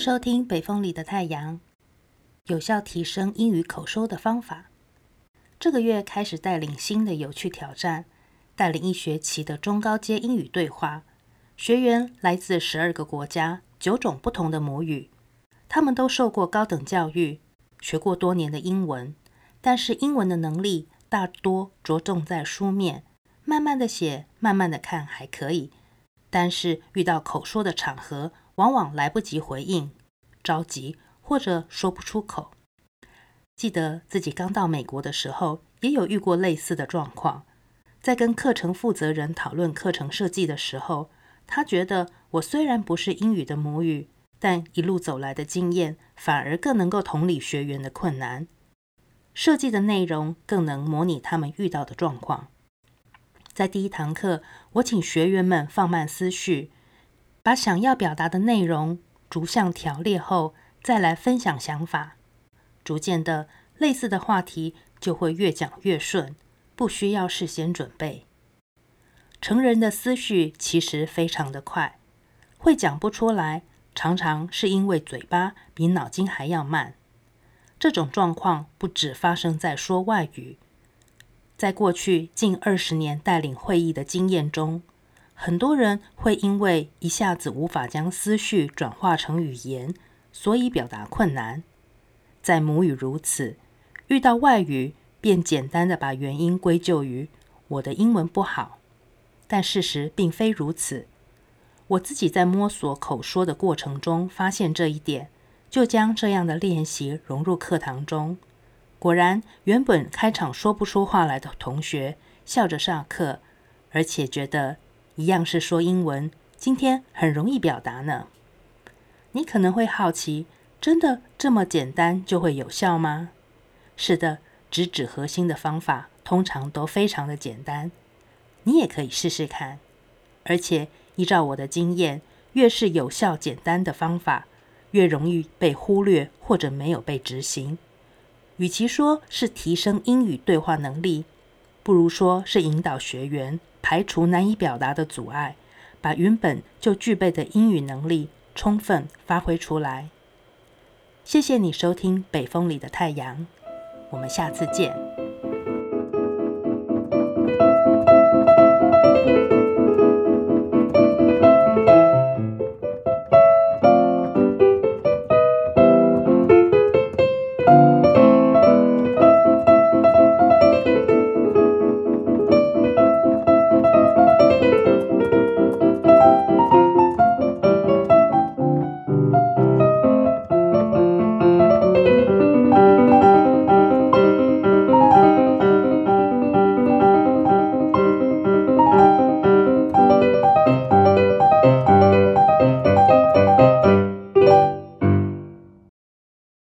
收聽《北風裡的太陽》，有效提升英語口說的方法。這個月開始帶領新的有趣挑戰，帶領一學期的中高階英語對話。學員來自十二個國家，九種不同的母語，他們都受過高等教育，學過多年的英文，但是英文的能力大多着重在書面，慢慢地寫，慢慢地看還可以，但是遇到口說的場合。往往來不及回應，着急或者說不出口。記得自己剛到美國的時候，也有遇過類似的狀況。在跟課程負責人討論課程設計的時候，她覺得我雖然不是英語的母語，但一路走來的經驗反而更能夠同理學員的困難。設計的內容更能模擬他們遇到的狀況。在第一堂課，我請學員們放慢思緒。把想要表達的內容逐項條列後，再來分享想法，逐漸的，類似的話題就會越講越順，不需要事先準備。成人的思緒其實非常的快，會講不出來，常常是因為嘴巴比腦筋還要慢。這種狀況不只發生在說外語，在過去近二十年帶領會議的經驗中。很多人會因為一下子無法將思緒轉化成語言，所以表達困難。在母語如此，遇到外語便簡單的把原因歸咎於我的英文不好。但事實並非如此。我自己在摸索口說的過程中發現這一點，就將這樣的練習融入課堂中。果然，原本開場說不出話來的同學笑着下課，而且覺得。一樣是說英文，今天很容易表達呢。你可能會好奇，真的這麼簡單就會有效嗎？是的，直指核心的方法通常都非常的簡單。你也可以試試看，而且依照我的經驗，越是有效簡單的方法，越容易被忽略或者沒有被執行。與其說是提升英語對話能力，不如說是引導學員。排除難以表達的阻礙，把原本就具備的英語能力充分發揮出來。謝謝你收聽《北風裡的太陽》，我們下次見。